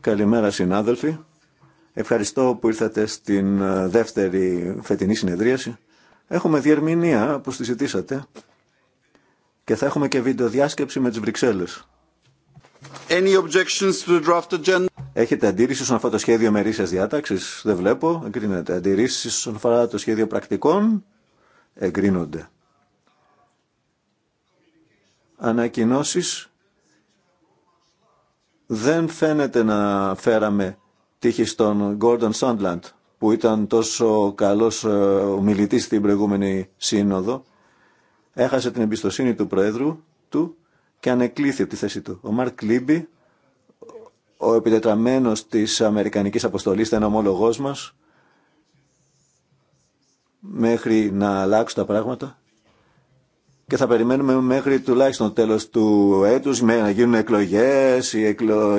Καλημέρα συνάδελφοι. Ευχαριστώ που ήρθατε στην ε, δεύτερη φετινή συνεδρίαση. Έχουμε διερμηνία που τη ζητήσατε και θα έχουμε και βίντεο διάσκεψη με τις Βρυξέλλες. Any objections to the draft agenda? Έχετε αντίρρηση στον φάτο το σχέδιο μερίσιας διάταξης. Δεν βλέπω. Εγκρίνεται. Αντιρρήσεις στον αφορά το σχέδιο πρακτικών. Εγκρίνονται ανακοινώσεις δεν φαίνεται να φέραμε τύχη στον Gordon Sandland που ήταν τόσο καλός ε, ομιλητής στην προηγούμενη σύνοδο. Έχασε την εμπιστοσύνη του Προέδρου του και ανεκλήθη από τη θέση του. Ο Μαρκ Λίμπη, ο επιτετραμένος της Αμερικανικής Αποστολής, ήταν ομόλογός μας, μέχρι να αλλάξουν τα πράγματα και θα περιμένουμε μέχρι τουλάχιστον τέλος του έτους με να γίνουν εκλογές, η,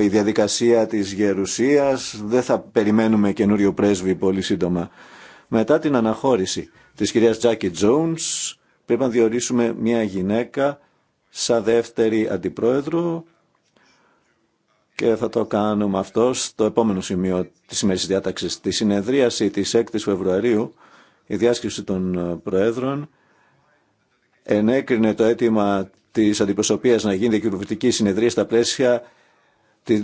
διαδικασία της γερουσίας. Δεν θα περιμένουμε καινούριο πρέσβη πολύ σύντομα. Μετά την αναχώρηση της κυρίας Τζάκι Τζόουνς πρέπει να διορίσουμε μια γυναίκα σαν δεύτερη αντιπρόεδρο και θα το κάνουμε αυτό στο επόμενο σημείο της σημερινής διάταξης. Τη συνεδρίαση της 6ης Φεβρουαρίου, η διάσκεψη των Προέδρων ενέκρινε το αίτημα της αντιπροσωπείας να γίνει δικαιοποιητική συνεδρία στα πλαίσια τη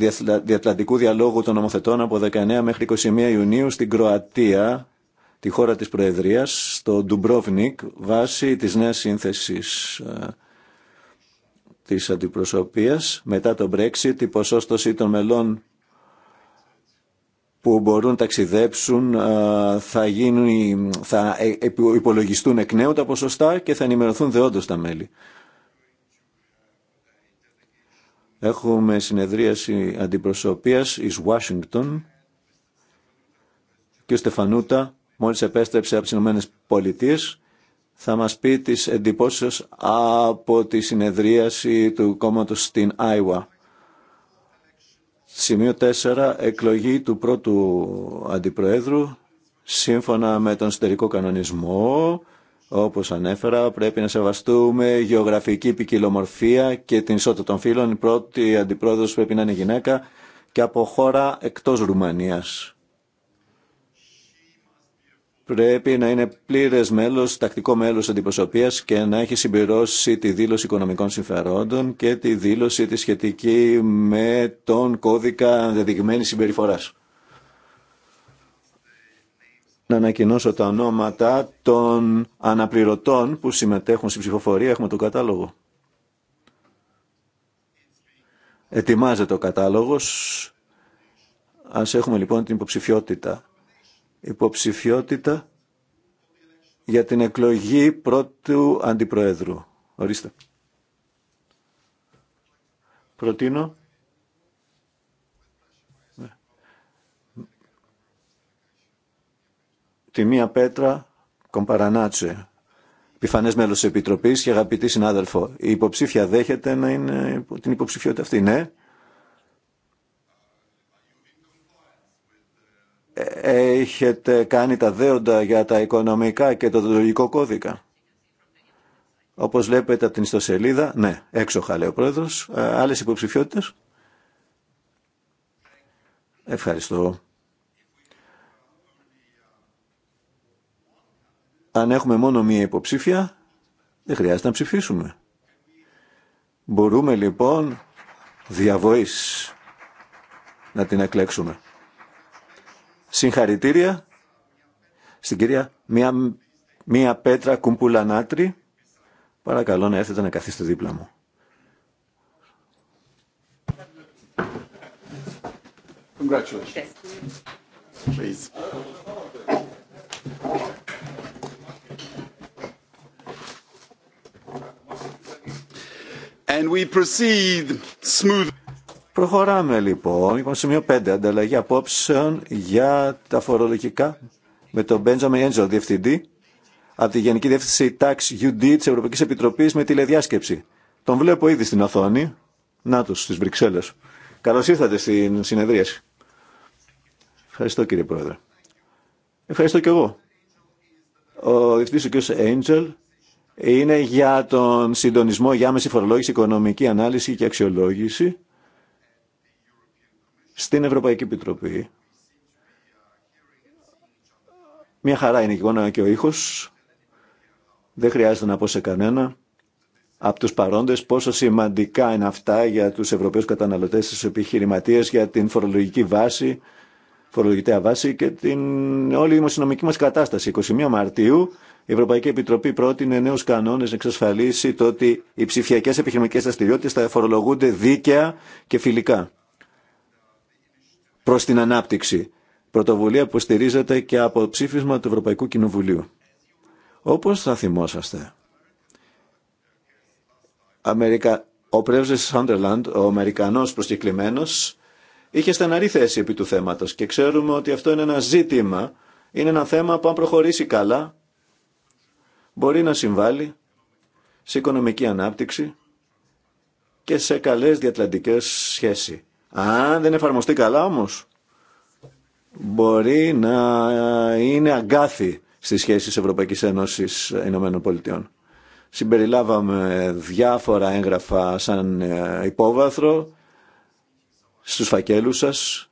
Διατλαντικού Διαλόγου των ομοθέτων από 19 μέχρι 21 Ιουνίου στην Κροατία, τη χώρα της Προεδρίας, στο Ντουμπρόβνικ, βάσει της νέας σύνθεσης ε, της αντιπροσωπείας μετά το Brexit, η ποσόστοση των μελών που μπορούν να ταξιδέψουν θα, γίνουν, θα ε, υπολογιστούν εκ νέου τα ποσοστά και θα ενημερωθούν δεόντως τα μέλη. Έχουμε συνεδρίαση αντιπροσωπείας εις Washington και ο Στεφανούτα μόλις επέστρεψε από τις Ηνωμένες Πολιτείες θα μας πει τις εντυπώσεις από τη συνεδρίαση του κόμματος στην Άιουα. Σημείο 4. Εκλογή του πρώτου αντιπροέδρου. Σύμφωνα με τον εσωτερικό κανονισμό, όπως ανέφερα, πρέπει να σεβαστούμε γεωγραφική ποικιλομορφία και την ισότητα των φύλων. Η πρώτη αντιπρόεδρος πρέπει να είναι γυναίκα και από χώρα εκτός Ρουμανίας πρέπει να είναι πλήρε μέλο, τακτικό μέλος αντιπροσωπεία και να έχει συμπληρώσει τη δήλωση οικονομικών συμφερόντων και τη δήλωση τη σχετική με τον κώδικα δεδειγμένης συμπεριφορά. Να ανακοινώσω τα ονόματα των αναπληρωτών που συμμετέχουν στην ψηφοφορία. Έχουμε τον κατάλογο. Ετοιμάζεται ο κατάλογος. Ας έχουμε λοιπόν την υποψηφιότητα υποψηφιότητα για την εκλογή πρώτου αντιπροέδρου. Ορίστε. Προτείνω. Τη μία πέτρα κομπαρανάτσε. Επιφανές μέλος της Επιτροπής και αγαπητή συνάδελφο. Η υποψήφια δέχεται να είναι την υποψηφιότητα αυτή. Ναι. έχετε κάνει τα δέοντα για τα οικονομικά και το δοντολογικό κώδικα. Όπως βλέπετε από την ιστοσελίδα, ναι, έξοχα λέει ο πρόεδρος. Ε, άλλες υποψηφιότητες. Ευχαριστώ. Αν έχουμε μόνο μία υποψήφια, δεν χρειάζεται να ψηφίσουμε. Μπορούμε λοιπόν διαβοής να την εκλέξουμε. Συγχαρητήρια στην κυρία Μία, Μία Πέτρα Κουμπούλα Νάτρι. Παρακαλώ να έρθετε να καθίσετε δίπλα μου. Congratulations. And we proceed smoothly. Προχωράμε λοιπόν, λοιπόν σημείο 5, ανταλλαγή απόψεων για τα φορολογικά με τον Benjamin Angel, διευθυντή από τη Γενική Διεύθυνση Tax UD τη Ευρωπαϊκή Επιτροπή με τηλεδιάσκεψη. Τον βλέπω ήδη στην οθόνη. Να του στις Βρυξέλλες. Καλώ ήρθατε στην συνεδρίαση. Ευχαριστώ κύριε Πρόεδρε. Ευχαριστώ και εγώ. Ο διευθυντή ο κ. Angel είναι για τον συντονισμό για άμεση φορολόγηση, οικονομική ανάλυση και αξιολόγηση στην Ευρωπαϊκή Επιτροπή. Μια χαρά είναι η εικόνα και ο ήχος. Δεν χρειάζεται να πω σε κανένα από τους παρόντες πόσο σημαντικά είναι αυτά για τους Ευρωπαίους καταναλωτές, τους επιχειρηματίες, για την φορολογική βάση, φορολογητέα βάση και την όλη η δημοσιονομική μας κατάσταση. 21 Μαρτίου η Ευρωπαϊκή Επιτροπή πρότεινε νέους κανόνες να εξασφαλίσει το ότι οι ψηφιακές επιχειρηματικές δραστηριότητε θα φορολογούνται δίκαια και φιλικά προς την ανάπτυξη. Πρωτοβουλία που στηρίζεται και από ψήφισμα του Ευρωπαϊκού Κοινοβουλίου. Όπως θα θυμόσαστε. Αμερικα... Ο πρέσβης Σάντερλαντ, ο Αμερικανό προσκεκλημένο, είχε στεναρή θέση επί του θέματος και ξέρουμε ότι αυτό είναι ένα ζήτημα, είναι ένα θέμα που αν προχωρήσει καλά, μπορεί να συμβάλλει σε οικονομική ανάπτυξη και σε καλές διατλαντικές σχέσεις. Αν δεν εφαρμοστεί καλά όμως, μπορεί να είναι αγκάθι στις σχέσεις Ευρωπαϊκής Ένωσης Ηνωμένων Πολιτειών. Συμπεριλάβαμε διάφορα έγγραφα σαν ε, υπόβαθρο στους φακέλους σας.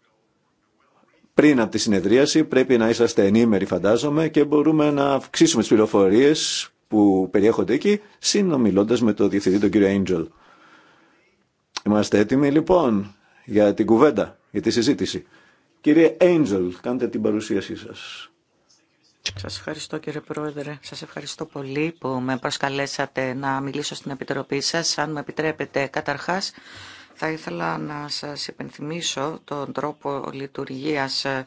Πριν από τη συνεδρίαση πρέπει να είσαστε ενήμεροι φαντάζομαι και μπορούμε να αυξήσουμε τις πληροφορίες που περιέχονται εκεί συνομιλώντας με το διευθυντή τον κύριο Angel. Είμαστε έτοιμοι λοιπόν για την κουβέντα, για τη συζήτηση. Κύριε Angel, κάντε την παρουσίασή σας. Σας ευχαριστώ κύριε Πρόεδρε. Σας ευχαριστώ πολύ που με προσκαλέσατε να μιλήσω στην Επιτροπή σας. Αν με επιτρέπετε καταρχάς, θα ήθελα να σας υπενθυμίσω τον τρόπο λειτουργίας ε,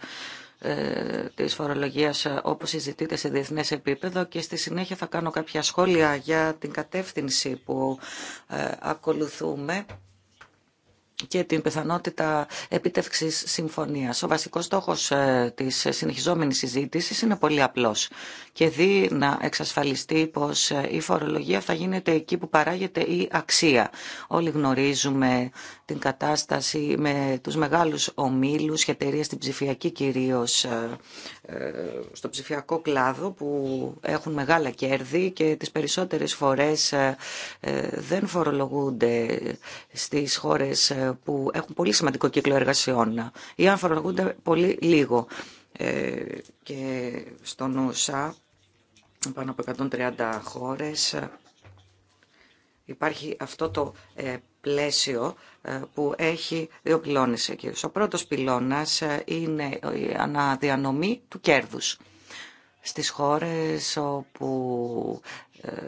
της φορολογίας όπως συζητείται σε διεθνές επίπεδο και στη συνέχεια θα κάνω κάποια σχόλια για την κατεύθυνση που ε, ακολουθούμε και την πιθανότητα επίτευξη συμφωνία. Ο βασικός στόχο ε, τη συνεχίζόμενη συζήτηση είναι πολύ απλό. και δει να εξασφαλιστεί πω ε, η φορολογία θα γίνεται εκεί που παράγεται η αξία. Όλοι γνωρίζουμε την κατάσταση με τους μεγάλους ομίλους και εταιρείε στην ψηφιακή κυρίω, ε, στο ψηφιακό κλάδο που έχουν μεγάλα κέρδη και τι περισσότερε φορέ δεν φορολογούνται στι χώρε που έχουν πολύ σημαντικό κύκλο εργασιών ή αν φορολογούνται πολύ λίγο. Ε, και στον ΟΥΣΑ, πάνω από 130 χώρες, υπάρχει αυτό το ε, πλαίσιο ε, που έχει δύο πυλώνες εκεί. Ο πρώτος πυλώνας είναι η αναδιανομή του κέρδους στις χώρες όπου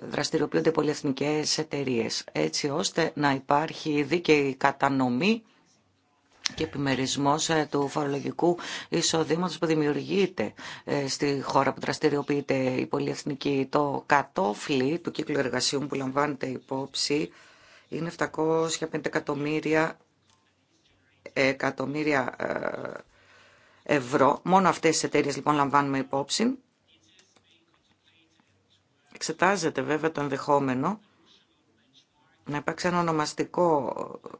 δραστηριοποιούνται πολυεθνικές εταιρείες, έτσι ώστε να υπάρχει δίκαιη κατανομή και επιμερισμός ε, του φορολογικού εισοδήματος που δημιουργείται ε, στη χώρα που δραστηριοποιείται η πολυεθνική. Το κατόφλι του κύκλου εργασιών που λαμβάνεται υπόψη είναι 750 εκατομμύρια, εκατομμύρια ε, ευρώ. Μόνο αυτές τις εταιρείες λοιπόν λαμβάνουμε υπόψη Εξετάζεται βέβαια το ενδεχόμενο να υπάρξει ένα ονομαστικό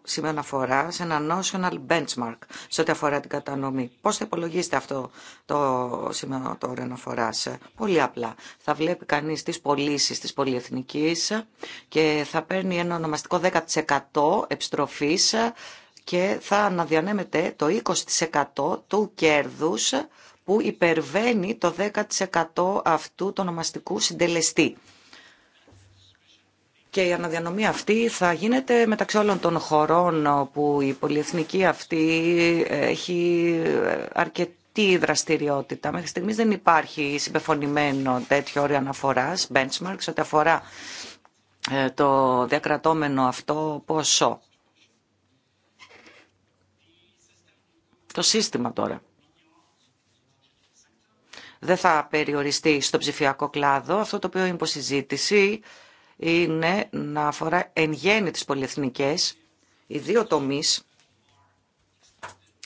σημείο αναφορά σε ένα national benchmark σε ό,τι αφορά την κατανομή. Πώ θα υπολογίσετε αυτό το σημείο τώρα αναφορά, Πολύ απλά. Θα βλέπει κανεί τι πωλήσει τη πολυεθνική και θα παίρνει ένα ονομαστικό 10% επιστροφή και θα αναδιανέμεται το 20% του κέρδους που υπερβαίνει το 10% αυτού του ονομαστικού συντελεστή. Και η αναδιανομή αυτή θα γίνεται μεταξύ όλων των χωρών που η πολυεθνική αυτή έχει αρκετή δραστηριότητα. Μέχρι στιγμής δεν υπάρχει συμπεφωνημένο τέτοιο όριο αναφοράς, benchmarks, ό,τι αφορά ε, το διακρατόμενο αυτό ποσό. Το σύστημα τώρα δεν θα περιοριστεί στο ψηφιακό κλάδο. Αυτό το οποίο είναι υποσυζήτηση είναι να αφορά εν γέννη τις πολυεθνικές, οι δύο τομείς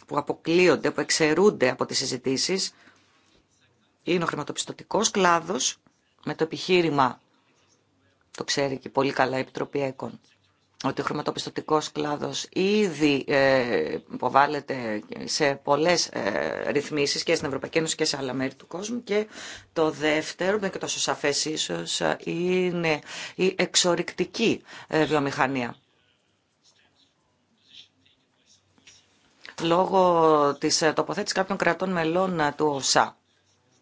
που αποκλείονται, που εξαιρούνται από τις συζητήσεις, είναι ο χρηματοπιστωτικός κλάδος με το επιχείρημα, το ξέρει και πολύ καλά η Επιτροπή ΕΚΟΝ, ότι ο χρηματοπιστωτικός κλάδος ήδη ε, υποβάλλεται σε πολλές ε, ρυθμίσεις και στην Ευρωπαϊκή Ένωση και σε άλλα μέρη του κόσμου και το δεύτερο, δεν και τόσο σαφές ίσως, είναι η εξορρυκτική ε, βιομηχανία. Λόγω της τοποθέτησης κάποιων κρατών μελών του ωσά.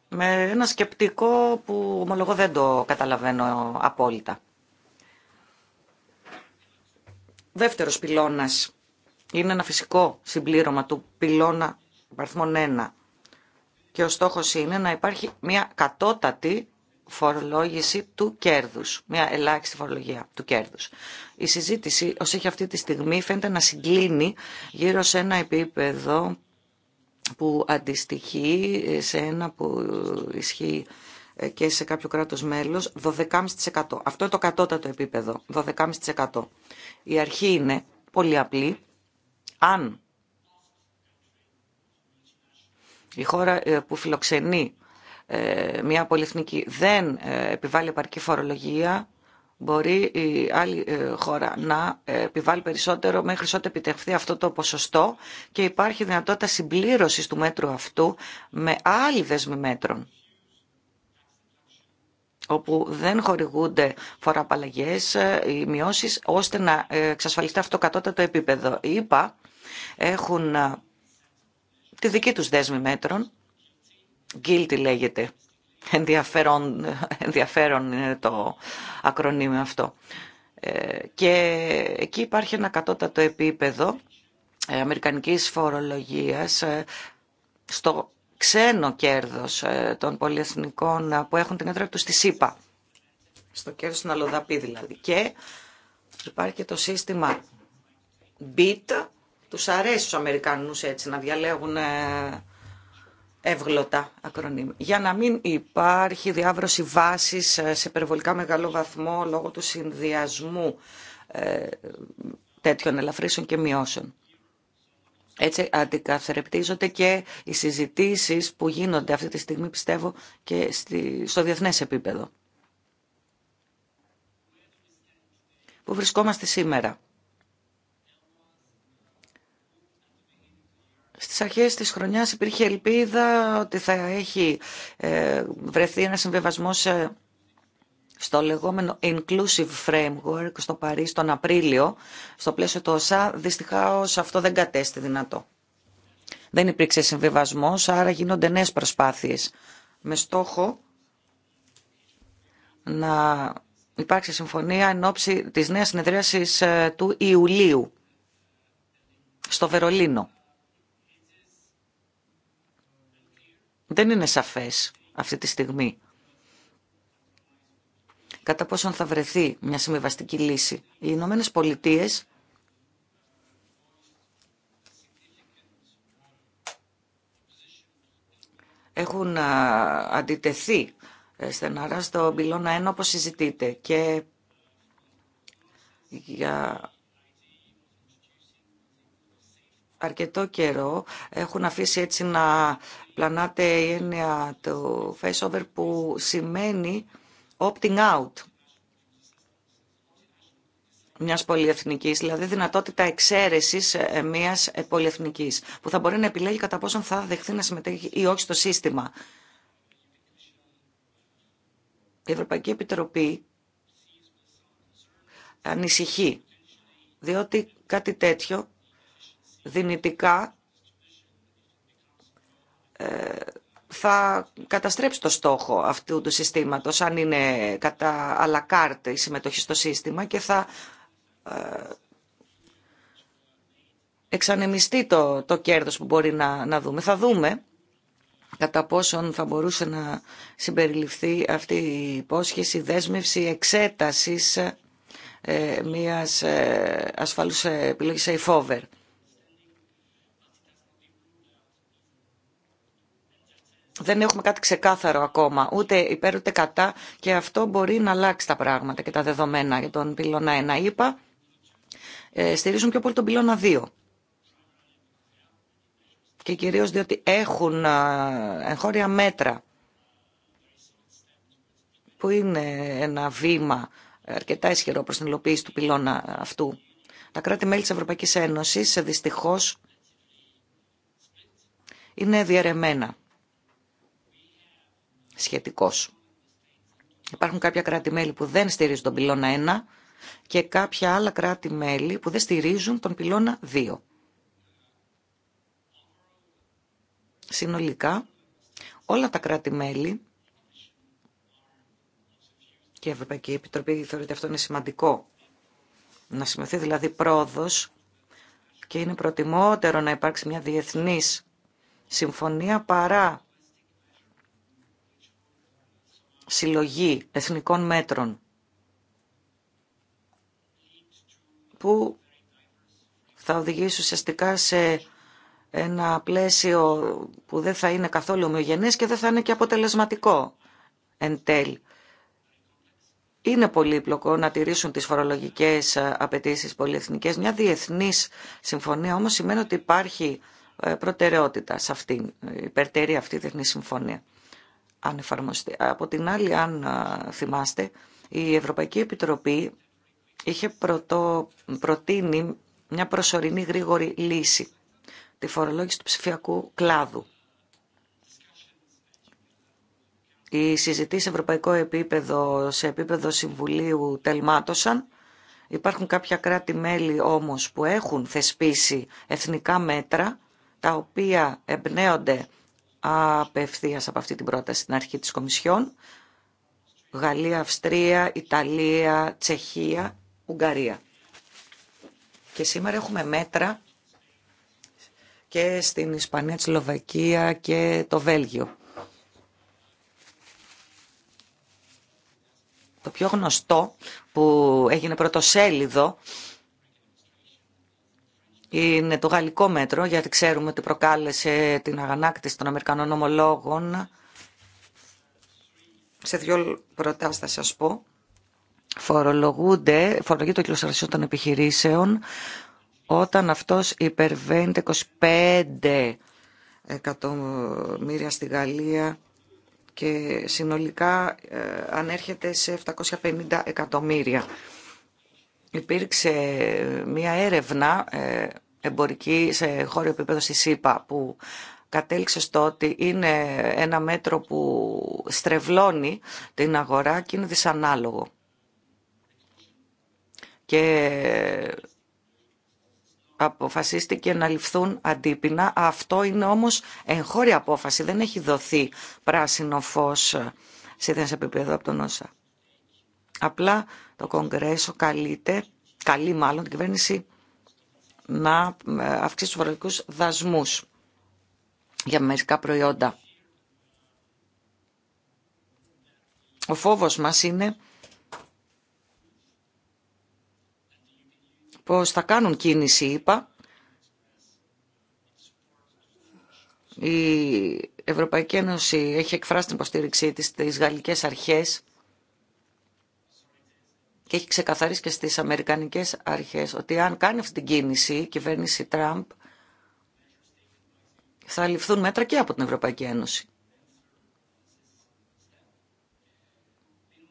Με ένα σκεπτικό που ομολογώ δεν το καταλαβαίνω απόλυτα δεύτερος πυλώνας. Είναι ένα φυσικό συμπλήρωμα του πυλώνα παρθμών 1. Και ο στόχος είναι να υπάρχει μια κατώτατη φορολόγηση του κέρδους, μια ελάχιστη φορολογία του κέρδους. Η συζήτηση, ως έχει αυτή τη στιγμή, φαίνεται να συγκλίνει γύρω σε ένα επίπεδο που αντιστοιχεί σε ένα που ισχύει ε, και σε κάποιο κράτος μέλος, 12,5%. Αυτό είναι το κατώτατο επίπεδο, 12,5%. Η αρχή είναι πολύ απλή. Αν η χώρα ε, που φιλοξενεί ε, μια πολυεθνική δεν ε, επιβάλλει επαρκή φορολογία, μπορεί η άλλη χώρα να επιβάλλει περισσότερο μέχρι ό,τι επιτευχθεί αυτό το ποσοστό και υπάρχει δυνατότητα συμπλήρωσης του μέτρου αυτού με άλλη δέσμη μέτρων όπου δεν χορηγούνται φοροαπαλλαγές ή ε, μειώσεις, ώστε να ε, εξασφαλιστεί αυτό το κατώτατο επίπεδο. Οι έχουν ε, τη δική τους δέσμη μέτρων, guilty λέγεται, ενδιαφέρον, ενδιαφέρον είναι το ακρονίμιο αυτό. Και εκεί υπάρχει ένα κατώτατο επίπεδο αμερικανικής φορολογίας στο ξένο κέρδος ε, των πολυεθνικών ε, που έχουν την έδρα του στη ΣΥΠΑ. Στο κέρδος στην Αλοδαπή δηλαδή. Και υπάρχει και το σύστημα BIT. Τους αρέσει τους Αμερικανούς έτσι να διαλέγουν ε, εύγλωτα ακρονίμια. Για να μην υπάρχει διάβρωση βάσης σε περιβολικά μεγάλο βαθμό λόγω του συνδυασμού τέτοιων ελαφρύσεων και μειώσεων. Έτσι αντικαθρεπτίζονται και οι συζητήσεις που γίνονται αυτή τη στιγμή πιστεύω και στο διεθνές επίπεδο. Πού βρισκόμαστε σήμερα. Στις αρχές της χρονιάς υπήρχε ελπίδα ότι θα έχει ε, βρεθεί ένα συμβεβασμό ε, στο λεγόμενο Inclusive Framework στο Παρίσι τον Απρίλιο, στο πλαίσιο του ΩΣΑ, δυστυχώς αυτό δεν κατέστη δυνατό. Δεν υπήρξε συμβιβασμό, άρα γίνονται νέες προσπάθειες με στόχο να υπάρξει συμφωνία εν ώψη της νέας συνεδρίασης ε, του Ιουλίου στο Βερολίνο. Δεν είναι σαφές αυτή τη στιγμή κατά πόσον θα βρεθεί μια συμβιβαστική λύση. Οι Ηνωμένε Πολιτείε έχουν αντιτεθεί ε, στεναρά στο πυλώνα 1 όπως συζητείτε και για αρκετό καιρό έχουν αφήσει έτσι να πλανάται η έννοια του face over που σημαίνει opting out μιας πολυεθνικής, δηλαδή δυνατότητα εξαίρεσης ε, ε, μιας ε, πολυεθνικής, που θα μπορεί να επιλέγει κατά πόσον θα δεχθεί να συμμετέχει ή όχι στο σύστημα. Η Ευρωπαϊκή Επιτροπή ανησυχεί, διότι κάτι τέτοιο δυνητικά θα καταστρέψει το στόχο αυτού του συστήματος αν είναι κατά αλακάρτη η συμμετοχή στο σύστημα και θα ε, εξανεμιστεί το, το κέρδος που μπορεί να, να δούμε. Θα δούμε κατά πόσον θα μπορούσε να συμπεριληφθεί αυτή η υπόσχεση δέσμευση εξέτασης ε, μιας ε, ασφαλούς ε, επιλογής safe δεν έχουμε κάτι ξεκάθαρο ακόμα, ούτε υπέρ ούτε κατά και αυτό μπορεί να αλλάξει τα πράγματα και τα δεδομένα για τον πυλώνα 1. Είπα, ε, στηρίζουν πιο πολύ τον πυλώνα 2. Και κυρίως διότι έχουν ε, εγχώρια μέτρα που είναι ένα βήμα αρκετά ισχυρό προς την υλοποίηση του πυλώνα αυτού. Τα κράτη-μέλη της Ευρωπαϊκής Ένωσης δυστυχώς είναι διαιρεμένα σχετικός. Υπάρχουν κάποια κράτη-μέλη που δεν στηρίζουν τον πυλώνα 1 και κάποια άλλα κράτη-μέλη που δεν στηρίζουν τον πυλώνα 2. Συνολικά, όλα τα κράτη-μέλη και η Ευρωπαϊκή Επιτροπή θεωρείται ότι αυτό είναι σημαντικό. Να σημειωθεί δηλαδή πρόοδος και είναι προτιμότερο να υπάρξει μια διεθνής συμφωνία παρά συλλογή εθνικών μέτρων που θα οδηγήσει ουσιαστικά σε ένα πλαίσιο που δεν θα είναι καθόλου ομοιογενές και δεν θα είναι και αποτελεσματικό εν τέλει. Είναι πολύπλοκο να τηρήσουν τις φορολογικές απαιτήσεις πολυεθνικές. Μια διεθνής συμφωνία όμως σημαίνει ότι υπάρχει ε, προτεραιότητα σε αυτήν, ε, υπερτερή αυτή η διεθνή συμφωνία. Από την άλλη, αν θυμάστε, η Ευρωπαϊκή Επιτροπή είχε πρωτό, προτείνει μια προσωρινή γρήγορη λύση, τη φορολόγηση του ψηφιακού κλάδου. Οι συζητήσει σε ευρωπαϊκό επίπεδο, σε επίπεδο Συμβουλίου τελμάτωσαν. Υπάρχουν κάποια κράτη-μέλη όμως που έχουν θεσπίσει εθνικά μέτρα, τα οποία εμπνέονται απευθείας από αυτή την πρόταση στην αρχή της Κομισιόν. Γαλλία, Αυστρία, Ιταλία, Τσεχία, Ουγγαρία. Και σήμερα έχουμε μέτρα και στην Ισπανία, τη Σλοβακία και το Βέλγιο. Το πιο γνωστό που έγινε πρωτοσέλιδο είναι το γαλλικό μέτρο, γιατί ξέρουμε ότι προκάλεσε την αγανάκτηση των Αμερικανών ομολόγων. Σε δύο προτάσεις θα σας πω. Φορολογούνται, το ο κυκλοστρασιών των επιχειρήσεων όταν αυτός υπερβαίνει 25 εκατομμύρια στη Γαλλία και συνολικά ε, ανέρχεται σε 750 εκατομμύρια. Υπήρξε μία έρευνα ε, εμπορική σε χώριο επίπεδο στη ΣΥΠΑ που κατέληξε στο ότι είναι ένα μέτρο που στρεβλώνει την αγορά και είναι δυσανάλογο. Και αποφασίστηκε να ληφθούν αντίπεινα. Αυτό είναι όμως εγχώρια απόφαση. Δεν έχει δοθεί πράσινο φως σε δένες επίπεδο από τον ΩΣΑ. Απλά το Κογκρέσο καλείται, καλεί μάλλον την κυβέρνηση να ε, αυξήσει τους φορολογικούς δασμούς για μερικά προϊόντα. Ο φόβος μας είναι πως θα κάνουν κίνηση, είπα, η Ευρωπαϊκή Ένωση έχει εκφράσει την υποστήριξή της στις γαλλικές αρχές και έχει ξεκαθαρίσει και στις Αμερικανικές αρχές ότι αν κάνει αυτή την κίνηση η κυβέρνηση Τραμπ θα ληφθούν μέτρα και από την Ευρωπαϊκή Ένωση.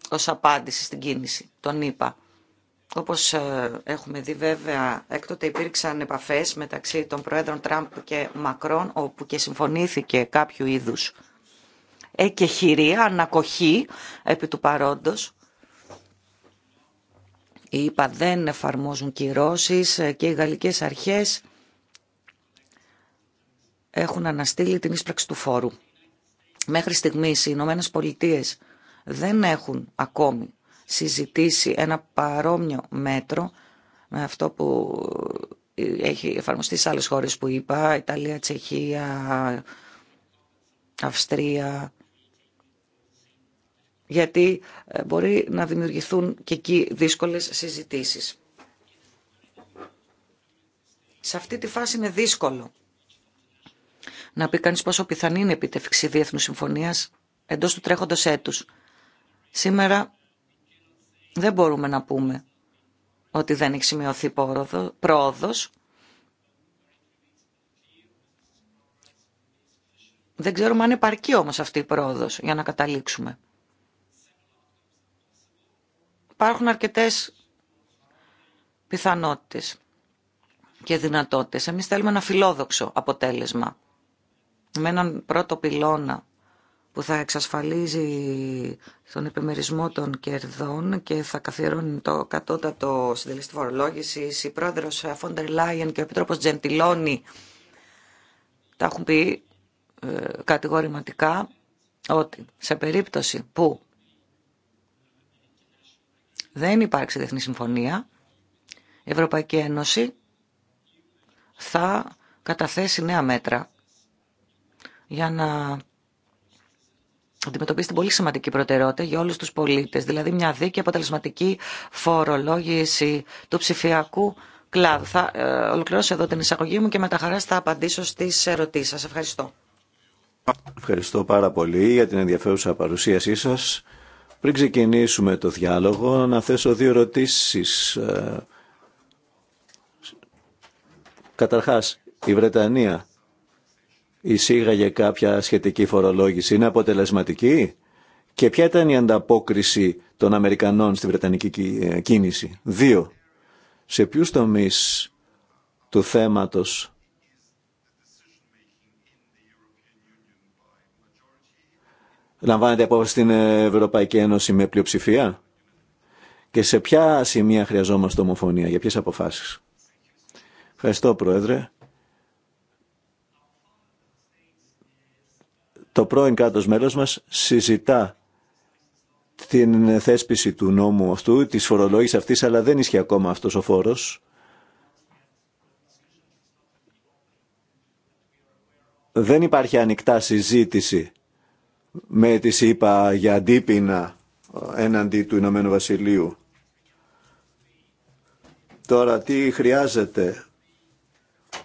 Ως απάντηση στην κίνηση, τον είπα. Όπως ε, έχουμε δει βέβαια, έκτοτε υπήρξαν επαφές μεταξύ των Προέδρων Τραμπ και Μακρόν, όπου και συμφωνήθηκε κάποιο είδους εκεχηρία, ανακοχή επί του παρόντος, οι ΙΠΑ δεν εφαρμόζουν κυρώσεις ε, και οι γαλλικές αρχές έχουν αναστείλει την ίσπραξη του φόρου. Μέχρι στιγμής οι Ηνωμένες Πολιτείες δεν έχουν ακόμη συζητήσει ένα παρόμοιο μέτρο με αυτό που ε, έχει εφαρμοστεί σε άλλες χώρες που είπα, Ιταλία, Τσεχία, Αυστρία, γιατί ε, μπορεί να δημιουργηθούν και εκεί δύσκολες συζητήσεις. Σε αυτή τη φάση είναι δύσκολο να πει κανείς πόσο πιθανή είναι η επιτεύξη διεθνούς συμφωνίας εντός του τρέχοντος έτους. Σήμερα δεν μπορούμε να πούμε ότι δεν έχει σημειωθεί πρόοδος. Δεν ξέρουμε αν επαρκεί όμως αυτή η πρόοδος για να καταλήξουμε υπάρχουν αρκετές πιθανότητες και δυνατότητες. Εμείς θέλουμε ένα φιλόδοξο αποτέλεσμα με έναν πρώτο πυλώνα που θα εξασφαλίζει τον επιμερισμό των κερδών και θα καθιερώνει το κατώτατο συντελεστή φορολόγηση. Η πρόεδρο Φόντερ Λάιεν και ο επιτρόπο Τζεντιλόνι τα έχουν πει ε, κατηγορηματικά ότι σε περίπτωση που δεν υπάρξει διεθνή συμφωνία, η Ευρωπαϊκή Ένωση θα καταθέσει νέα μέτρα για να αντιμετωπίσει την πολύ σημαντική προτεραιότητα για όλους τους πολίτες, δηλαδή μια δίκαιη αποτελεσματική φορολόγηση του ψηφιακού κλάδου. Θα ε, ολοκληρώσω εδώ την εισαγωγή μου και με τα χαρά θα απαντήσω στις ερωτήσεις σας. Ευχαριστώ. Ευχαριστώ πάρα πολύ για την ενδιαφέρουσα παρουσίασή σας. Πριν ξεκινήσουμε το διάλογο, να θέσω δύο ερωτήσεις. Ε, καταρχάς, η Βρετανία εισήγαγε κάποια σχετική φορολόγηση. Είναι αποτελεσματική και ποια ήταν η ανταπόκριση των Αμερικανών στη Βρετανική ε, κίνηση. Δύο, σε ποιους τομείς του θέματος λαμβάνεται απόφαση στην Ευρωπαϊκή Ένωση με πλειοψηφία και σε ποια σημεία χρειαζόμαστε ομοφωνία, για ποιες αποφάσεις. Ευχαριστώ Πρόεδρε. Το πρώην κράτος μέλος μας συζητά την θέσπιση του νόμου αυτού, της φορολόγησης αυτής, αλλά δεν ισχύει ακόμα αυτός ο φόρος. Δεν υπάρχει ανοιχτά συζήτηση με τη είπα για αντίπεινα ε, έναντι του Ηνωμένου Βασιλείου. Τώρα τι χρειάζεται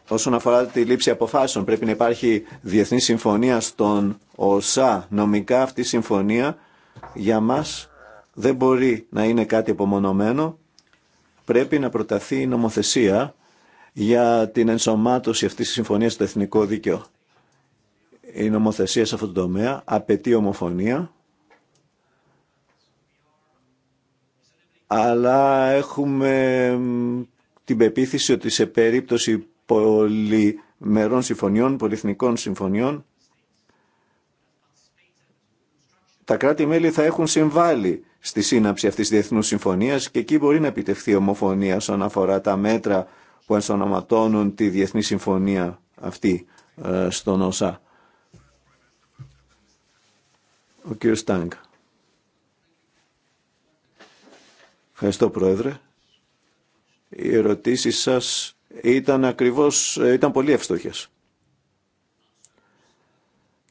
όσον αφορά τη λήψη αποφάσεων. Πρέπει να υπάρχει διεθνή συμφωνία στον ΟΣΑ. Νομικά αυτή η συμφωνία για μας δεν μπορεί να είναι κάτι απομονωμένο. Πρέπει να προταθεί η νομοθεσία για την ενσωμάτωση αυτής της συμφωνίας στο εθνικό δίκαιο. Η νομοθεσία σε αυτό το τομέα απαιτεί ομοφωνία, αλλά έχουμε την πεποίθηση ότι σε περίπτωση πολυμερών συμφωνιών, πολυεθνικών συμφωνιών, τα κράτη-μέλη θα έχουν συμβάλει στη σύναψη αυτής της διεθνούς συμφωνίας και εκεί μπορεί να επιτευχθεί ομοφωνία όσον αφορά τα μέτρα που ενσωματώνουν τη διεθνή συμφωνία αυτή ε, στον ΩΣΑ. Ο κύριος Τάγκ. Ευχαριστώ Πρόεδρε. Οι ερωτήσεις σας ήταν ακριβώς, ε, ήταν πολύ ευστόχες.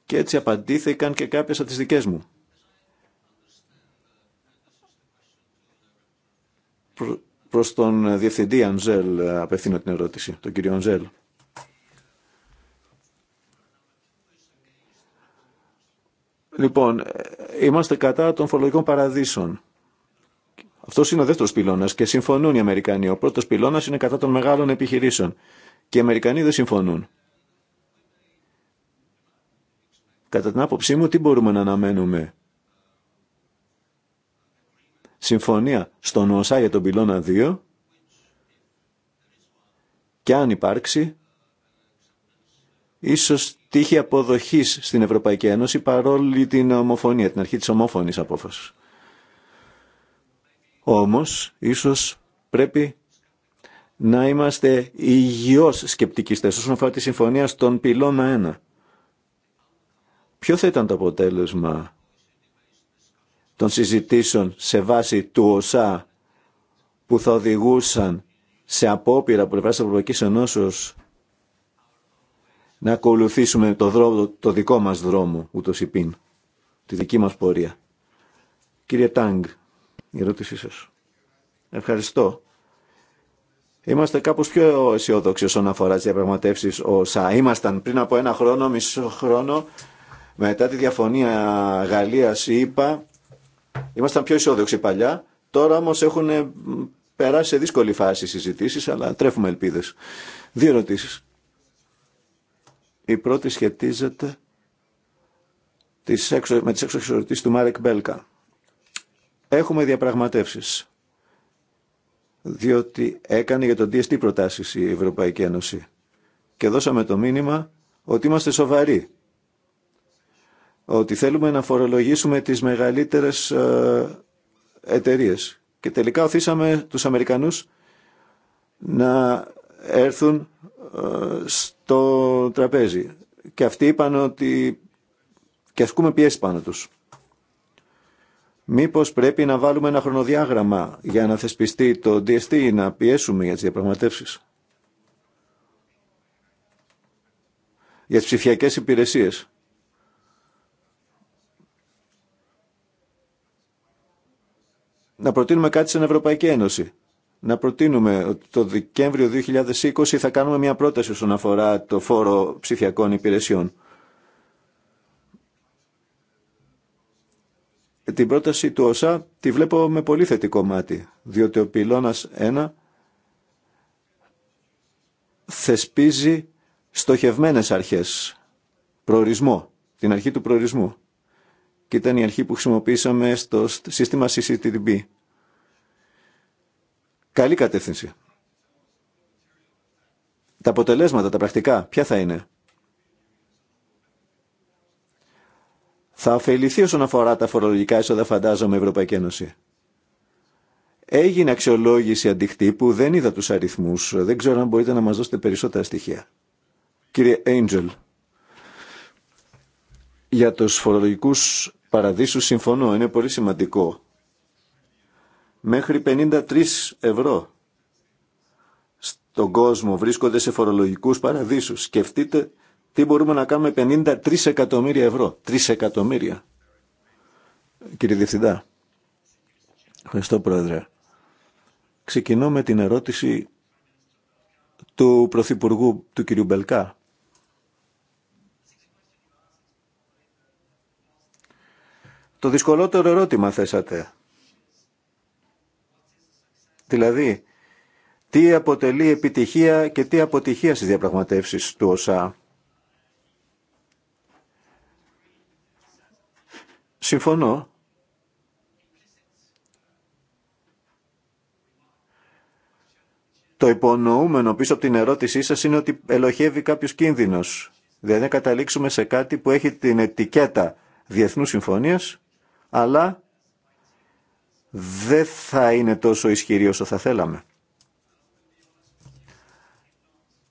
Και έτσι απαντήθηκαν και κάποιες από τις δικές μου. Προ, προς τον Διευθυντή Αντζέλ ε, απευθύνω την ερώτηση, τον κύριο Ανζέλ. Λοιπόν, είμαστε κατά των φορολογικών παραδείσων. Αυτό είναι ο δεύτερο πυλώνα και συμφωνούν οι Αμερικανοί. Ο πρώτο πυλώνα είναι κατά των μεγάλων επιχειρήσεων. Και οι Αμερικανοί δεν συμφωνούν. Κατά την άποψή μου, τι μπορούμε να αναμένουμε. Συμφωνία στον ΟΣΑ για τον πυλώνα 2 και αν υπάρξει ίσως τύχη αποδοχής στην Ευρωπαϊκή Ένωση παρόλη την ομοφωνία, την αρχή της ομόφωνης απόφασης. Όμως, ίσως πρέπει να είμαστε υγιώς σκεπτικιστές όσον αφορά τη συμφωνία στον πυλώνα 1. Ποιο θα ήταν το αποτέλεσμα των συζητήσεων σε βάση του ΟΣΑ που θα οδηγούσαν σε απόπειρα πλευρά τη Ευρωπαϊκή Ενώσεω να ακολουθήσουμε το, δρόμο, το δικό μας δρόμο, ούτως υπήν, τη δική μας πορεία. Κύριε Τάγκ, η ερώτησή σας. Ευχαριστώ. Είμαστε κάπω πιο αισιόδοξοι όσον αφορά τι διαπραγματεύσει όσα ήμασταν πριν από ένα χρόνο, μισό χρόνο, μετά τη διαφωνία Γαλλία-ΗΠΑ. Ήμασταν πιο αισιόδοξοι παλιά. Τώρα όμω έχουν περάσει σε δύσκολη φάση οι συζητήσει, αλλά τρέφουμε ελπίδε. Δύο ερωτήσει. Η πρώτη σχετίζεται με τις έξω του Μάρεκ Μπέλκα. Έχουμε διαπραγματεύσεις, διότι έκανε για τον DST προτάσεις η Ευρωπαϊκή Ένωση και δώσαμε το μήνυμα ότι είμαστε σοβαροί, ότι θέλουμε να φορολογήσουμε τις μεγαλύτερες ε, εταιρείες. Και τελικά οθήσαμε τους Αμερικανούς να έρθουν ε, στο τραπέζι. Και αυτοί είπαν ότι και ασκούμε πιέσει πάνω τους. Μήπως πρέπει να βάλουμε ένα χρονοδιάγραμμα για να θεσπιστεί το DST ή να πιέσουμε για τις διαπραγματεύσεις. Για τις ψηφιακές υπηρεσίες. Να προτείνουμε κάτι στην Ευρωπαϊκή Ένωση να προτείνουμε ότι το Δεκέμβριο 2020 θα κάνουμε μια πρόταση όσον αφορά το φόρο ψηφιακών υπηρεσιών. Την πρόταση του ΩΣΑ τη βλέπω με πολύ θετικό μάτι, διότι ο πυλώνας 1 θεσπίζει στοχευμένες αρχές, προορισμό, την αρχή του προορισμού. Και ήταν η αρχή που χρησιμοποίησαμε στο σύστημα CCTV Καλή κατεύθυνση. Τα αποτελέσματα, τα πρακτικά, ποια θα είναι. Θα ωφεληθεί όσον αφορά τα φορολογικά έσοδα, φαντάζομαι, Ευρωπαϊκή Ένωση. Έγινε αξιολόγηση αντικτύπου, δεν είδα τους αριθμούς. Δεν ξέρω αν μπορείτε να μας δώσετε περισσότερα στοιχεία. Κύριε Έιντζελ, για τους φορολογικούς παραδείσους συμφωνώ, είναι πολύ σημαντικό μέχρι 53 ευρώ στον κόσμο βρίσκονται σε φορολογικούς παραδείσους. Σκεφτείτε τι μπορούμε να κάνουμε 53 εκατομμύρια ευρώ. 3 εκατομμύρια. Κύριε Διευθυντά. Ευχαριστώ Πρόεδρε. Ξεκινώ με την ερώτηση του Πρωθυπουργού του κυρίου Μπελκά. Το δυσκολότερο ερώτημα θέσατε. Δηλαδή, τι αποτελεί επιτυχία και τι αποτυχία στις διαπραγματεύσεις του ωσα Συμφωνώ. Το υπονοούμενο πίσω από την ερώτησή σας είναι ότι ελοχεύει κάποιος κίνδυνος. Δηλαδή να καταλήξουμε σε κάτι που έχει την ετικέτα διεθνούς συμφωνίας, αλλά δεν θα είναι τόσο ισχυρή όσο θα θέλαμε.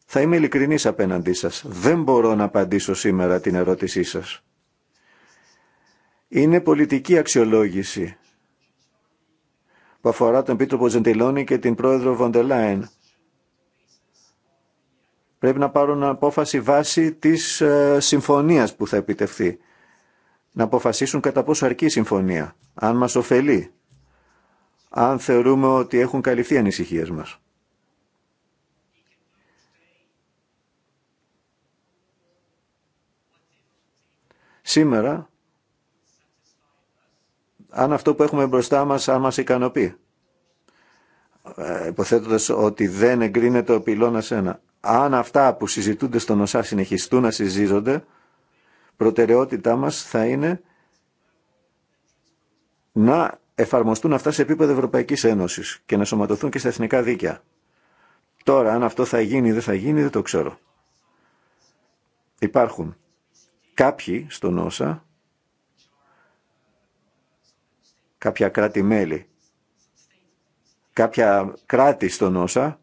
Θα είμαι ειλικρινής απέναντί σας. Δεν μπορώ να απαντήσω σήμερα την ερώτησή σας. Είναι πολιτική αξιολόγηση που αφορά τον πίτρο Τζεντιλόνη και την Πρόεδρο Βοντελάιν. Πρέπει να πάρουν απόφαση βάση της ε, συμφωνίας που θα επιτευχθεί. Να αποφασίσουν κατά πόσο αρκεί η συμφωνία, αν μας ωφελεί αν θεωρούμε ότι έχουν καλυφθεί οι ανησυχίες μας. Σήμερα, αν αυτό που έχουμε μπροστά μας, αν μας ικανοποιεί, ε, ότι δεν εγκρίνεται ο πυλώνας ένα, αν αυτά που συζητούνται στον ΩΣΑ συνεχιστούν να συζίζονται, προτεραιότητά μας θα είναι να εφαρμοστούν αυτά σε επίπεδο Ευρωπαϊκής Ένωσης και να σωματωθούν και στα εθνικά δίκαια. Τώρα, αν αυτό θα γίνει ή δεν θα γίνει, δεν το ξέρω. Υπάρχουν κάποιοι στον όσα, κάποια κράτη-μέλη, κάποια κράτη στον Νόσα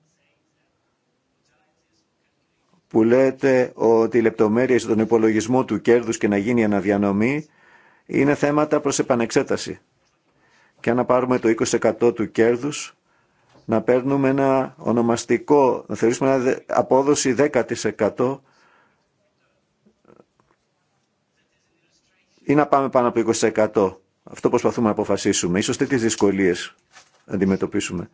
που λέτε ότι οι λεπτομέρειες των υπολογισμό του κέρδους και να γίνει αναδιανομή είναι θέματα προς επανεξέταση και αν να πάρουμε το 20% του κέρδους να παίρνουμε ένα ονομαστικό, να θεωρήσουμε ένα απόδοση 10% ή να πάμε πάνω από 20%. Αυτό προσπαθούμε να αποφασίσουμε. Ίσως τέτοιες δυσκολίες αντιμετωπίσουμε.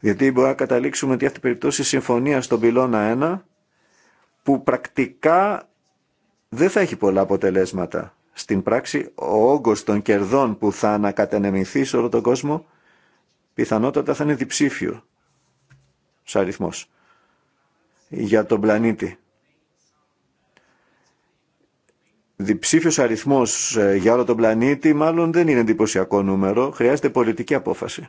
Γιατί μπορεί να καταλήξουμε ότι αυτή η περιπτώση συμφωνία στον πυλώνα 1 που πρακτικά δεν θα έχει πολλά αποτελέσματα. Στην πράξη, ο όγκος των κερδών που θα ανακατενεμηθεί σε όλο τον κόσμο πιθανότατα θα είναι διψήφιο σε αριθμός για τον πλανήτη. Διψήφιος αριθμός ε, για όλο τον πλανήτη μάλλον δεν είναι εντυπωσιακό νούμερο, χρειάζεται πολιτική απόφαση.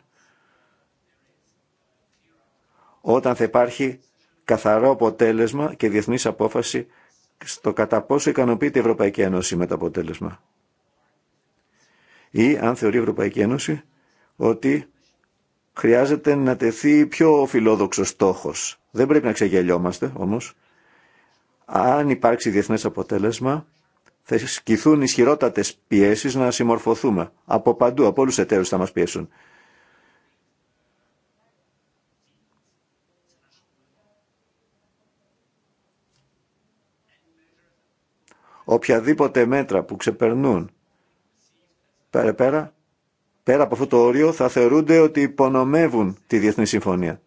Όταν θα υπάρχει καθαρό αποτέλεσμα και διεθνής απόφαση στο κατά πόσο ικανοποιείται η Ευρωπαϊκή Ένωση με το αποτέλεσμα. Ή αν θεωρεί η Ευρωπαϊκή Ένωση ότι χρειάζεται να τεθεί πιο φιλόδοξος στόχος. Δεν πρέπει να ξεγελιόμαστε όμως. Αν υπάρξει διεθνές αποτέλεσμα, θα σκηθούν ισχυρότατες πιέσεις να συμμορφωθούμε. Από παντού, από όλους τους εταίρους θα μας πιέσουν. οποιαδήποτε μέτρα που ξεπερνούν πέρα, πέρα, πέρα από αυτό το όριο θα θεωρούνται ότι υπονομεύουν τη Διεθνή Συμφωνία.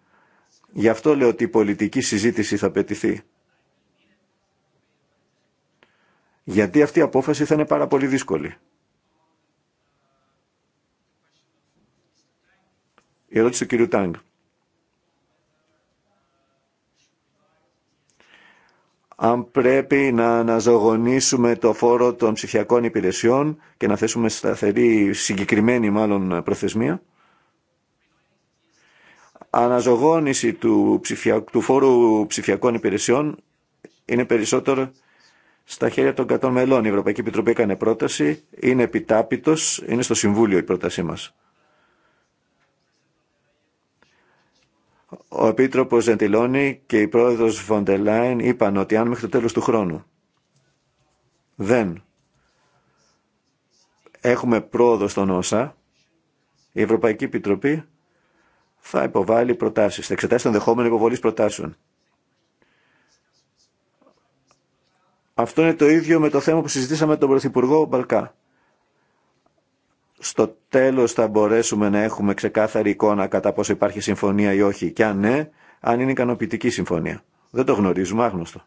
Γι' αυτό λέω ότι η πολιτική συζήτηση θα πετηθεί. Γιατί αυτή η απόφαση θα είναι πάρα πολύ δύσκολη. Η ερώτηση του κύριου Τάγκ. αν πρέπει να αναζωογονήσουμε το φόρο των ψηφιακών υπηρεσιών και να θέσουμε σταθερή, συγκεκριμένη μάλλον προθεσμία. Αναζωογόνηση του, του φόρου ψηφιακών υπηρεσιών είναι περισσότερο στα χέρια των 100 μελών. Η Ευρωπαϊκή Επιτροπή έκανε πρόταση, είναι επιτάπητος, είναι στο Συμβούλιο η πρότασή μας. Ο Επίτροπος Ζεντιλόνη και η πρόεδρος Βοντελάιν είπαν ότι αν μέχρι το τέλος του χρόνου δεν έχουμε πρόοδο στον ΩΣΑ, η Ευρωπαϊκή Επιτροπή θα υποβάλει προτάσεις, θα εξετάσει τον δεχόμενο υποβολής προτάσεων. Αυτό είναι το ίδιο με το θέμα που συζητήσαμε με τον Πρωθυπουργό Μπαλκά στο τέλος θα μπορέσουμε να έχουμε ξεκάθαρη εικόνα κατά πόσο υπάρχει συμφωνία ή όχι και αν ναι, αν είναι ικανοποιητική συμφωνία. Δεν το γνωρίζουμε, άγνωστο.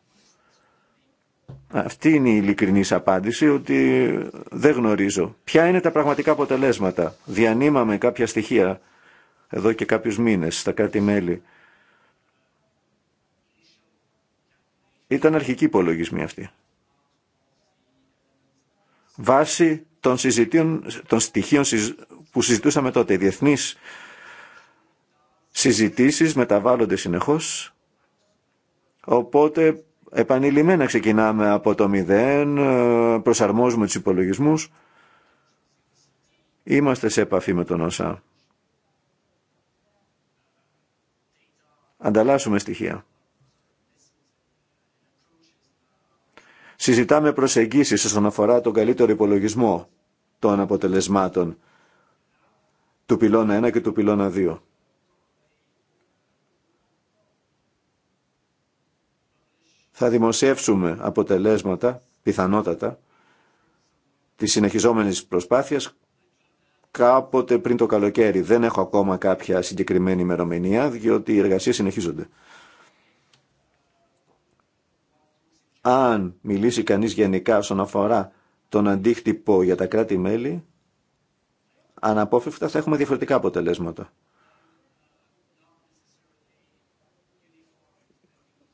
Αυτή είναι η ειλικρινή απάντηση ότι δεν γνωρίζω. Ποια είναι τα πραγματικά αποτελέσματα. Διανύμαμε κάποια στοιχεία εδώ και κάποιους μήνες στα κράτη-μέλη. Ήταν αρχική υπολογισμή αυτή. Βάση των, των στοιχείων που συζητούσαμε τότε. Οι διεθνείς συζητήσεις μεταβάλλονται συνεχώς, οπότε επανειλημμένα ξεκινάμε από το μηδέν, ε, προσαρμόζουμε τους υπολογισμούς, είμαστε σε επαφή με τον ΩΣΑ. Ανταλλάσσουμε στοιχεία. Συζητάμε προσεγγίσεις όσον αφορά τον καλύτερο υπολογισμό των αποτελεσμάτων του πυλώνα 1 και του πυλώνα 2. Θα δημοσιεύσουμε αποτελέσματα, πιθανότατα, της συνεχιζόμενης προσπάθειας κάποτε πριν το καλοκαίρι. Δεν έχω ακόμα κάποια συγκεκριμένη ημερομηνία, διότι οι εργασίες συνεχίζονται. αν μιλήσει κανείς γενικά όσον αφορά τον αντίχτυπο για τα κράτη-μέλη, αναπόφευκτα θα έχουμε διαφορετικά αποτελέσματα.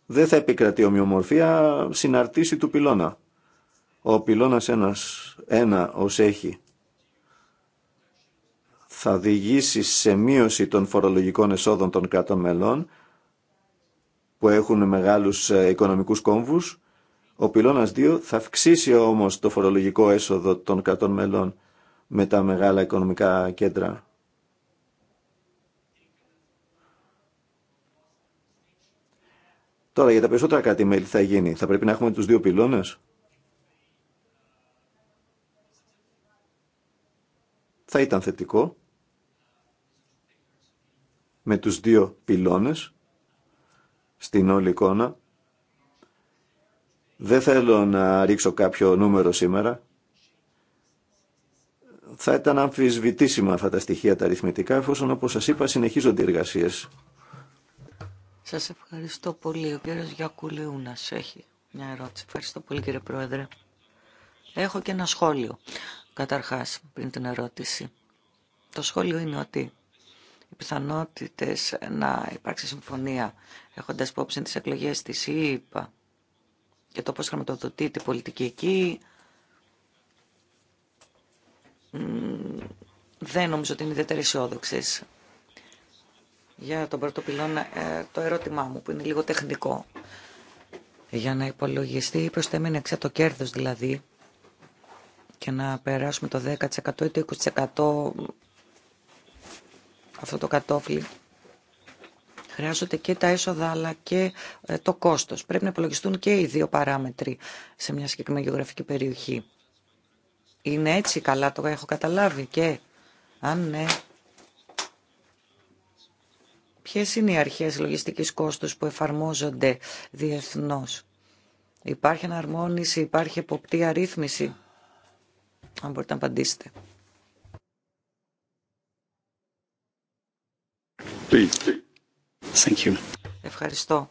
Δεν θα επικρατεί ομοιομορφία συναρτήση του πυλώνα. Ο πυλώνας ένας, ένα ως έχει θα οδηγήσει σε μείωση των φορολογικών εσόδων των κρατών μελών που έχουν μεγάλους ε, οικονομικούς κόμβους ο πυλώνας 2 θα αυξήσει όμως το φορολογικό έσοδο των κρατών μελών με τα μεγάλα οικονομικά κέντρα. Τώρα για τα περισσοτερα κάτι κράτη-μέλη θα γίνει. Θα πρέπει να έχουμε τους δύο πυλώνες. Θα ήταν θετικό με τους δύο πυλώνες στην όλη εικόνα δεν θέλω να ρίξω κάποιο νούμερο σήμερα. Θα ήταν αμφισβητήσιμα αυτά τα στοιχεία τα αριθμητικά, εφόσον όπως σας είπα συνεχίζονται οι εργασίες. Σας ευχαριστώ πολύ. Ο κύριος να έχει μια ερώτηση. Ευχαριστώ πολύ κύριε Πρόεδρε. Έχω και ένα σχόλιο, καταρχάς, πριν την ερώτηση. Το σχόλιο είναι ότι οι πιθανότητες να υπάρξει συμφωνία έχοντας υπόψη τις εκλογές της ΕΕ, και το πώς χρηματοδοτεί την πολιτική εκεί. Δεν νομίζω ότι είναι ιδιαίτερα αισιόδοξε. Για τον πρώτο πυλώνα, ε, το ερώτημά μου που είναι λίγο τεχνικό. Για να υπολογιστεί η προστέμενη εξά το κέρδος δηλαδή και να περάσουμε το 10% ή το 20% αυτό το κατόφλι Χρειάζονται και τα έσοδα αλλά και ε, το κόστος. Πρέπει να υπολογιστούν και οι δύο παράμετροι σε μια συγκεκριμένη γεωγραφική περιοχή. Είναι έτσι καλά, το έχω καταλάβει και αν ναι, ποιες είναι οι αρχές λογιστικής κόστους που εφαρμόζονται διεθνώς. Υπάρχει αναρμόνιση, υπάρχει εποπτεία ρύθμιση. Αν μπορείτε να απαντήσετε. Ευχαριστώ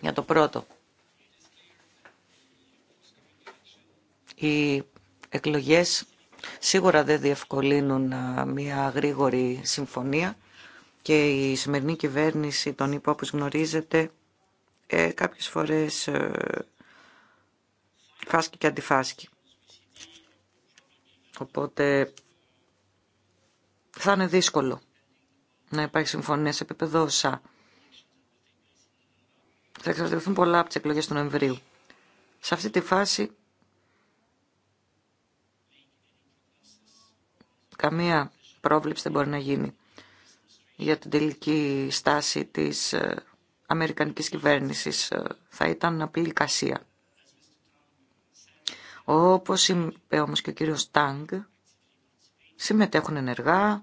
για το πρώτο. Οι εκλογές σίγουρα δεν διευκολύνουν μια γρήγορη συμφωνία και η σημερινή κυβέρνηση, τον είπα όπως γνωρίζετε, ε, κάποιες φορές ε, φάσκει και αντιφάσκει. Οπότε θα είναι δύσκολο να υπάρχει συμφωνία σε επίπεδο ΩΣΑ. Θα εξαρτηθούν πολλά από τι εκλογέ του Νοεμβρίου. Σε αυτή τη φάση καμία πρόβληψη δεν μπορεί να γίνει για την τελική στάση της ε, Αμερικανικής κυβέρνησης. Ε, θα ήταν απλή κασία. Όπως είπε όμως και ο κύριος Τάγκ, συμμετέχουν ενεργά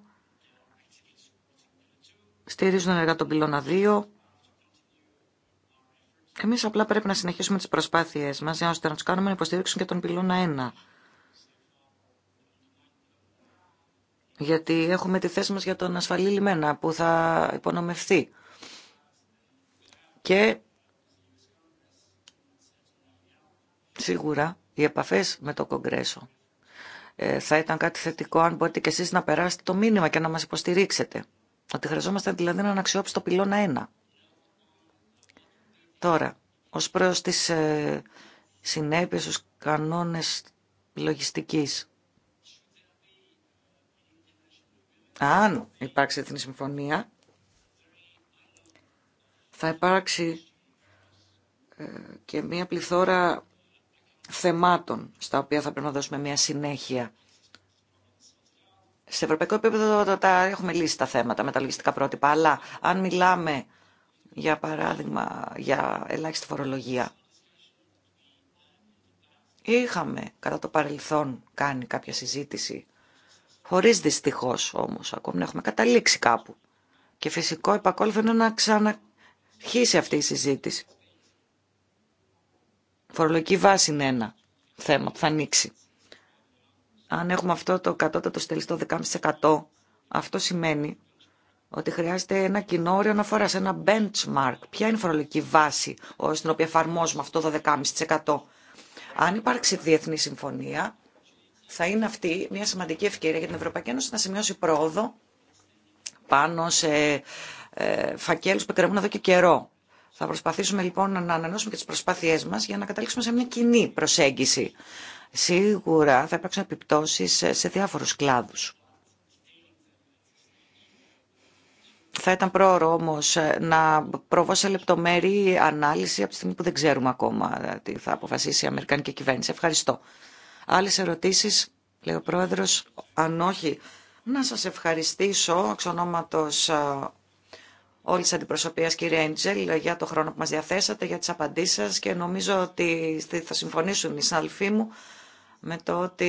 στηρίζουν ενεργά τον πυλώνα 2. Εμείς απλά πρέπει να συνεχίσουμε τις προσπάθειές μας για να τους κάνουμε να υποστηρίξουν και τον πυλώνα 1. Γιατί έχουμε τη θέση μας για τον ασφαλή λιμένα που θα υπονομευθεί. Και σίγουρα οι επαφές με το Κογκρέσο ε, θα ήταν κάτι θετικό αν μπορείτε και εσείς να περάσετε το μήνυμα και να μας υποστηρίξετε. Ότι χρειαζόμαστε δηλαδή έναν αξιόπιστο πυλώνα 1. Τώρα, ως προς τις ε, συνέπειες, τους κανόνες λογιστικής. Αν υπάρξει την συμφωνία, θα υπάρξει ε, και μία πληθώρα θεμάτων στα οποία θα πρέπει να δώσουμε μία συνέχεια. Σε ευρωπαϊκό επίπεδο τα έχουμε λύσει τα θέματα με τα λογιστικά πρότυπα, αλλά αν μιλάμε για παράδειγμα για ελάχιστη φορολογία, είχαμε κατά το παρελθόν κάνει κάποια συζήτηση, χωρίς δυστυχώς όμως ακόμη να έχουμε καταλήξει κάπου. Και φυσικό επακόλουθο είναι να ξαναρχίσει αυτή η συζήτηση. Φορολογική βάση είναι ένα θέμα που θα ανοίξει. Αν έχουμε αυτό το κατώτατο στελιστό 12,5%, αυτό σημαίνει ότι χρειάζεται ένα κοινό όριο αναφορά, ένα benchmark. Ποια είναι η φορολογική βάση στην οποία εφαρμόζουμε αυτό το 12,5%. Αν υπάρξει διεθνή συμφωνία, θα είναι αυτή μια σημαντική ευκαιρία για την Ευρωπαϊκή Ένωση να σημειώσει πρόοδο πάνω σε ε, φακέλους που εκκρεμούν εδώ και καιρό. Θα προσπαθήσουμε λοιπόν να ανανεώσουμε και τις προσπάθειές μας για να καταλήξουμε σε μια κοινή προσέγγιση σίγουρα θα υπάρξουν επιπτώσεις σε διάφορους κλάδους. Θα ήταν πρόωρο όμω ε, να προβώ σε λεπτομερή ανάλυση από τη στιγμή που δεν ξέρουμε ακόμα ε, τι θα αποφασίσει η Αμερικανική κυβέρνηση. Ευχαριστώ. Άλλες ερωτήσεις, λέει ο Πρόεδρος, αν όχι, να σας ευχαριστήσω εξ ονόματος ε, όλη τη αντιπροσωπεία, κύριε Έντζελ, για το χρόνο που μα διαθέσατε, για τι απαντήσει σα και νομίζω ότι θα συμφωνήσουν οι συναδελφοί μου με το ότι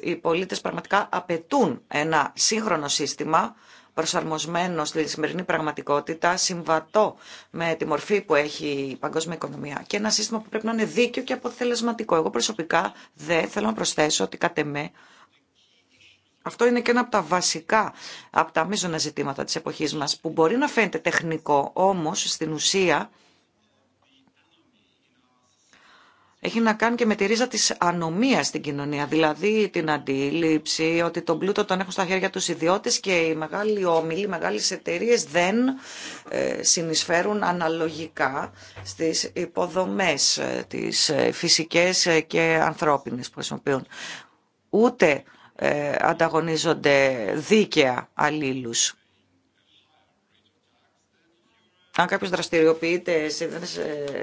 οι πολίτες πραγματικά απαιτούν ένα σύγχρονο σύστημα προσαρμοσμένο στη σημερινή πραγματικότητα, συμβατό με τη μορφή που έχει η παγκόσμια οικονομία και ένα σύστημα που πρέπει να είναι δίκαιο και αποτελεσματικό. Εγώ προσωπικά δεν θέλω να προσθέσω ότι κατ' εμέ αυτό είναι και ένα από τα βασικά, από τα μείζωνα ζητήματα της εποχής μας, που μπορεί να φαίνεται τεχνικό, όμως στην ουσία έχει να κάνει και με τη ρίζα της ανομίας στην κοινωνία, δηλαδή την αντίληψη ότι τον πλούτο τον έχουν στα χέρια τους ιδιώτες και οι μεγάλοι όμιλοι, οι μεγάλες εταιρείε δεν ε, συνεισφέρουν αναλογικά στις υποδομές, ε, τις ε, φυσικές και ανθρώπινες που χρησιμοποιούν. Ούτε ανταγωνίζονται δίκαια αλλήλους. Αν κάποιος δραστηριοποιείται σε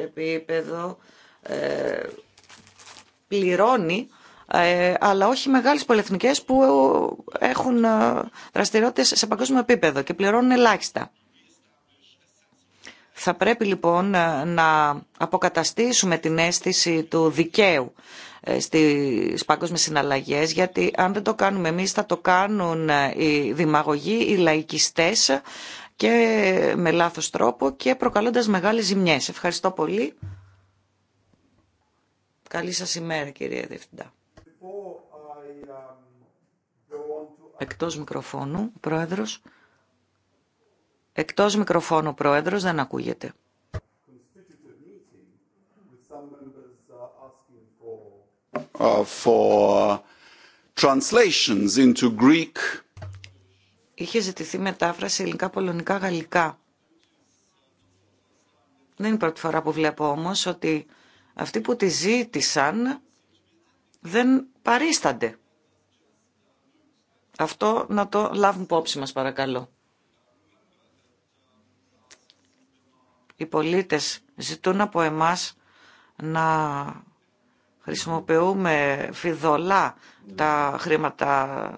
επίπεδο ε, πληρώνει ε, αλλά όχι μεγάλες πολυεθνικές που έχουν ε, δραστηριότητες σε παγκόσμιο επίπεδο και πληρώνουν ελάχιστα. Θα πρέπει λοιπόν να αποκαταστήσουμε την αίσθηση του δικαίου στις παγκόσμιες συναλλαγές γιατί αν δεν το κάνουμε εμείς θα το κάνουν οι δημαγωγοί, οι λαϊκιστές και με λάθος τρόπο και προκαλώντας μεγάλες ζημιές. Ευχαριστώ πολύ. Καλή σας ημέρα κυρία Διευθυντά. Εκτός μικροφώνου, πρόεδρος. Εκτός μικροφώνου, πρόεδρος, δεν ακούγεται. Uh, for uh, translations into Greek. Είχε ζητηθεί μετάφραση ελληνικά, πολωνικά, γαλλικά. Δεν είναι η πρώτη φορά που βλέπω όμως ότι αυτοί που τη ζήτησαν δεν παρίστανται. Αυτό να το λάβουν υπόψη μας παρακαλώ. Οι πολίτες ζητούν από εμάς να χρησιμοποιούμε φιδωλά τα χρήματα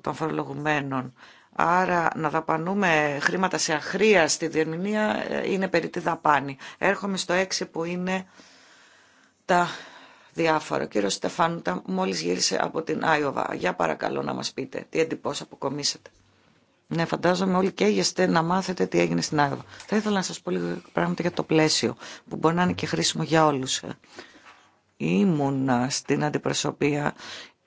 των φορολογουμένων. Άρα να δαπανούμε χρήματα σε αχρία στη διερμηνία ε, είναι περί τη δαπάνη. Έρχομαι στο έξι που είναι τα διάφορα. Ο κύριο Στεφάνουτα μόλις γύρισε από την Άιωβα. Για παρακαλώ να μας πείτε τι που αποκομίσατε. Ναι, φαντάζομαι όλοι καίγεστε να μάθετε τι έγινε στην Άιωβα. Θα ήθελα να σας πω λίγο πράγματα για το πλαίσιο που μπορεί να είναι και χρήσιμο για όλους. Ε. Ήμουν στην αντιπροσωπεία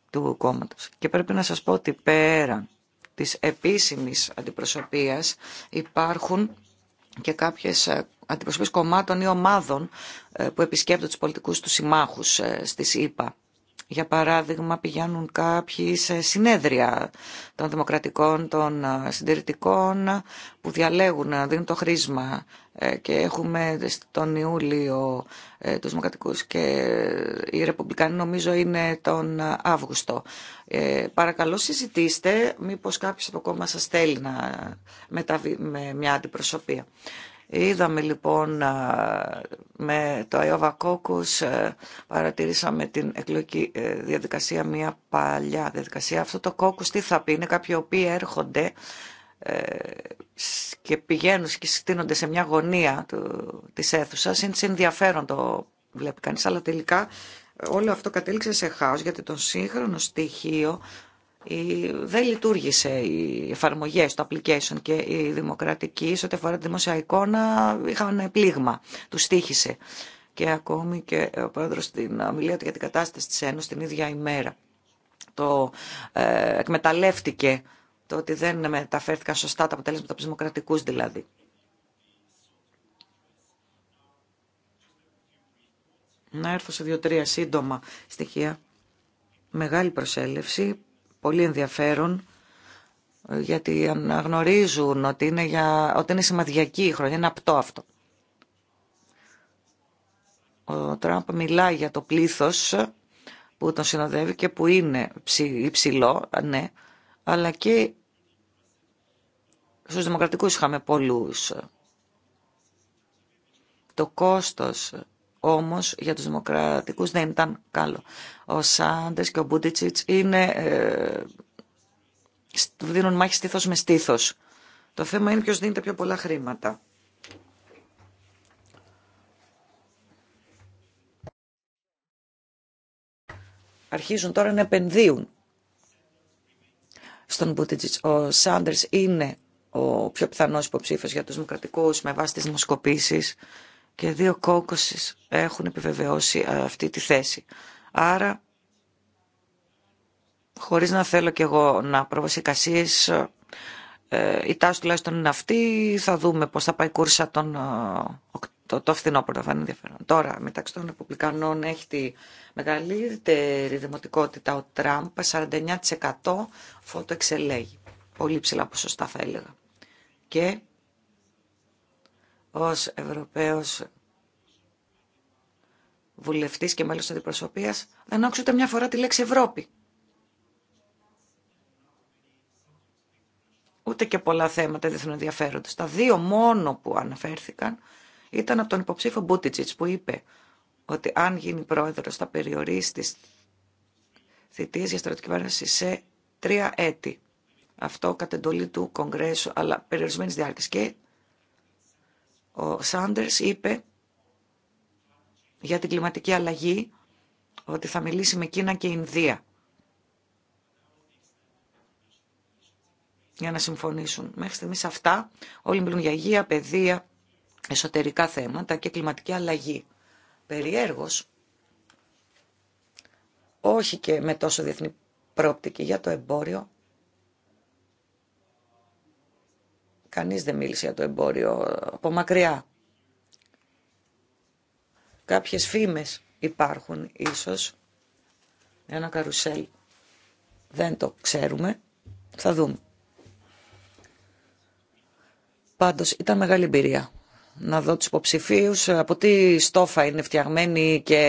του κόμματος και πρέπει να σας πω ότι πέραν της επίσημης αντιπροσωπείας υπάρχουν και κάποιες ε, αντιπροσωπείς κομμάτων ή ομάδων ε, που επισκέπτονται τους πολιτικούς του συμμάχους ε, στις ΗΠΑ. Για παράδειγμα, πηγαίνουν κάποιοι σε συνέδρια των δημοκρατικών, των ε, συντηρητικών που διαλέγουν να δίνουν το χρήσμα και έχουμε τον Ιούλιο τους δημοκρατικούς και οι Ρεπουμπλικανοί νομίζω είναι τον Αύγουστο. Παρακαλώ συζητήστε μήπως κάποιος από κόμμα σας θέλει να μεταβεί με μια αντιπροσωπεία. Είδαμε λοιπόν με το Αιώβα Κόκκους, παρατηρήσαμε την εκλογική ε, διαδικασία, μια παλιά διαδικασία. Αυτό το κόκκους τι θα πει, είναι κάποιοι οποίοι έρχονται ε, και πηγαίνουν και στείνονται σε μια γωνία της αίθουσας. Είναι ενδιαφέρον το βλέπει κανείς, αλλά τελικά όλο αυτό κατέληξε σε χάος, γιατί το σύγχρονο στοιχείο δεν λειτουργήσε οι εφαρμογέ, στο application και η δημοκρατική, σε ό,τι αφορά τη δημόσια εικόνα, είχαν πλήγμα. Του στήχησε. Και ακόμη και ο πρόεδρο στην ομιλία του για την κατάσταση τη Ένωση την ίδια ημέρα. Το ε, εκμεταλλεύτηκε το ότι δεν μεταφέρθηκαν σωστά τα αποτέλεσματα από του δημοκρατικού δηλαδή. Να έρθω σε δύο-τρία σύντομα στοιχεία. Μεγάλη προσέλευση πολύ ενδιαφέρουν γιατί αναγνωρίζουν ότι είναι, για, ότι είναι σημαδιακή η χρονιά, είναι απτό αυτό. Ο Τραμπ μιλάει για το πλήθος που τον συνοδεύει και που είναι υψηλό, ναι, αλλά και στους δημοκρατικούς είχαμε πολλούς. Το κόστος όμως για τους δημοκρατικούς δεν ήταν καλό. Ο Σάντες και ο Μπούντιτσιτς είναι, ε, δίνουν μάχη στήθος με στήθος. Το θέμα είναι ποιος δίνει τα πιο πολλά χρήματα. Αρχίζουν τώρα να επενδύουν στον Μπούτιτζιτς. Ο Σάντερ είναι ο πιο πιθανός υποψήφιος για τους δημοκρατικούς με βάση τις δημοσκοπήσεις και δύο κόκκους έχουν επιβεβαιώσει ε, αυτή τη θέση. Άρα, χωρίς να θέλω κι εγώ να προβασικασίες, ε, η τάση τουλάχιστον είναι αυτή, θα δούμε πώς θα πάει η κούρσα τον, ε, το, το φθινόπωρο, θα είναι ενδιαφέρον. Τώρα, μεταξύ των Ρεπουμπλικανών έχει τη μεγαλύτερη δημοτικότητα ο Τραμπ, 49% φωτοεξελέγει. εξελέγει. Πολύ ψηλά ποσοστά θα έλεγα. Και ως Ευρωπαίος βουλευτής και μέλος της αντιπροσωπείας, δεν άκουσε ούτε μια φορά τη λέξη Ευρώπη. Ούτε και πολλά θέματα δεν ενδιαφέροντα. Τα δύο μόνο που αναφέρθηκαν ήταν από τον υποψήφιο Μπούτιτζιτς που είπε ότι αν γίνει πρόεδρος θα περιορίσει τις θητείες για σε τρία έτη. Αυτό κατ' εντολή του Κογκρέσου, αλλά περιορισμένη διάρκεια. Και ο Σάντερς είπε για την κλιματική αλλαγή ότι θα μιλήσει με Κίνα και Ινδία για να συμφωνήσουν. Μέχρι στιγμής αυτά όλοι μιλούν για υγεία, παιδεία, εσωτερικά θέματα και κλιματική αλλαγή. Περιέργως, όχι και με τόσο διεθνή πρόπτικη για το εμπόριο, Κανείς δεν μίλησε για το εμπόριο από μακριά. Κάποιες φήμες υπάρχουν ίσως. Ένα καρουσέλ δεν το ξέρουμε. Θα δούμε. Πάντως ήταν μεγάλη εμπειρία να δω τους υποψηφίους, από τι στόφα είναι φτιαγμένοι και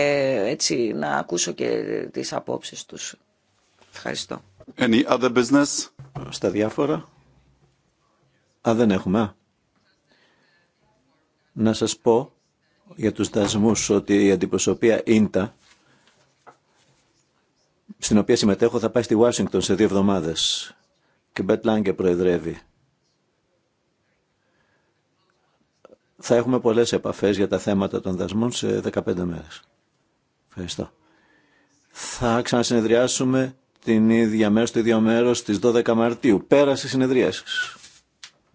έτσι να ακούσω και τις απόψεις τους. Ευχαριστώ. Any other business? Στα διάφορα. Α, δεν έχουμε. Να σας πω για τους δασμούς ότι η αντιπροσωπεία ίντα στην οποία συμμετέχω θα πάει στη Ουάσιγκτον σε δύο εβδομάδες και Μπέτ Λάγκε προεδρεύει. Θα έχουμε πολλές επαφές για τα θέματα των δασμών σε 15 μέρες. Ευχαριστώ. Θα ξανασυνεδριάσουμε την ίδια μέρα στο ίδιο μέρος στις 12 Μαρτίου. Πέρασε συνεδρίασης.